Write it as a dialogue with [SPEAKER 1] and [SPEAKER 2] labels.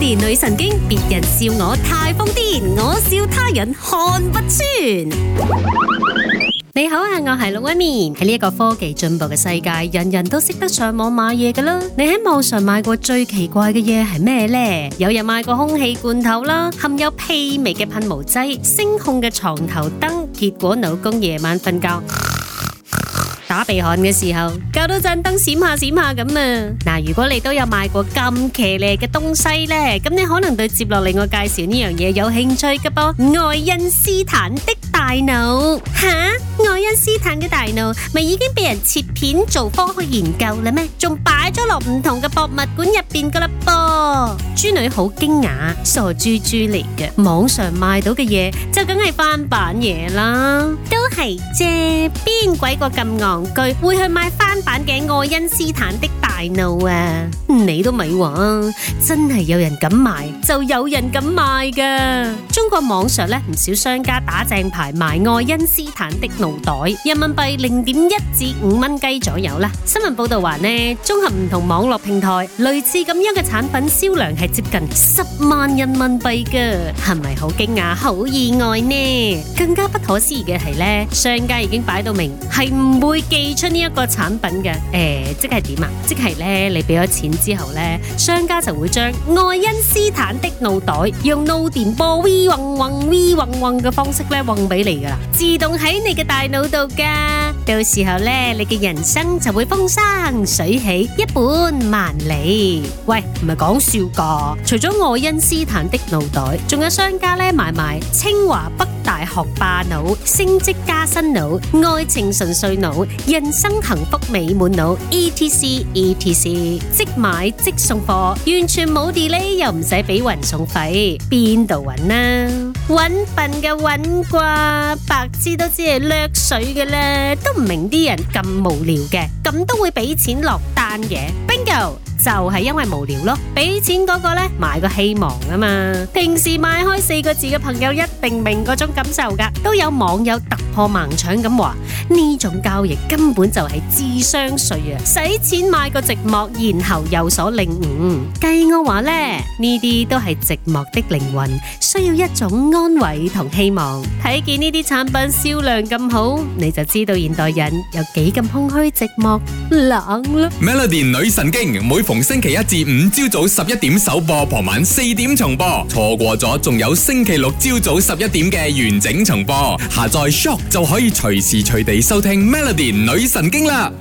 [SPEAKER 1] 連女神經，別人笑我太瘋癲，我笑他人看不穿。你好啊，我係龍紋敏。喺呢一個科技進步嘅世界，人人都識得上網買嘢噶啦。你喺網上買過最奇怪嘅嘢係咩呢？有人買過空氣罐頭啦，含有屁味嘅噴霧劑，聲控嘅床頭燈，結果老公夜晚瞓覺。打鼻鼾嘅時候，搞到盞燈閃下閃下咁啊！嗱，如果你都有買過咁騎呢嘅東西咧，咁你可能對接落嚟我介紹呢樣嘢有興趣㗎噃，愛因斯坦的。大腦吓，愛因斯坦嘅大腦咪已經俾人切片做科學研究啦咩？仲擺咗落唔同嘅博物館入邊噶啦噃。豬女好驚訝，傻豬豬嚟嘅，網上買到嘅嘢就梗係翻版嘢啦，都係啫。邊鬼個咁戇居會去買翻版嘅愛因斯坦的大腦啊？你都咪話，真係有人敢賣就有人敢買噶。中國網上咧，唔少商家打正牌，賣愛因斯坦的腦袋，人民幣零點一至五蚊雞左右啦。新聞報道話咧，綜合唔同網絡平台，類似咁樣嘅產品銷量係接近十萬人民幣噶，係咪好驚訝、好意外呢？更加不可思議嘅係咧，商家已經擺到明係唔會寄出呢一個產品嘅。誒，即係點啊？即係咧，你俾咗錢之後咧，商家就會將愛因斯坦的腦袋用腦電波 V 嗡嗡 V 嗡嗡嘅方式咧，嗡俾。嚟噶啦，自動喺你嘅大腦度噶，到時候咧，你嘅人生就會風生水起，一本萬利。喂，唔係講笑噶，除咗愛因斯坦的腦袋，仲有商家咧買埋清華北大學霸腦、升職加薪腦、愛情純粹腦、人生幸福美滿腦，etc etc，即買即送貨，完全冇 delay，又唔使俾運送費，邊度揾啊？揾笨嘅揾啩？白痴都知係掠水嘅啦，都唔明啲人咁無聊嘅，咁都會俾錢落單嘅，bingo。就係因為無聊咯，俾錢嗰個呢，買個希望啊嘛！平時買開四個字嘅朋友一定明嗰種感受噶，都有網友突破盲腸咁話呢種交易根本就係智商稅啊！使錢買個寂寞，然後有所領悟。計我話呢，呢啲都係寂寞的靈魂，需要一種安慰同希望。睇見呢啲產品銷量咁好，你就知道現代人有幾咁空虛、寂寞、冷咯。Melody 女神經。逢星期一至五朝早十一點首播，傍晚四點重播，錯過咗仲有星期六朝早十一點嘅完整重播。下載 s h o p 就可以隨時隨地收聽 Melody 女神經啦。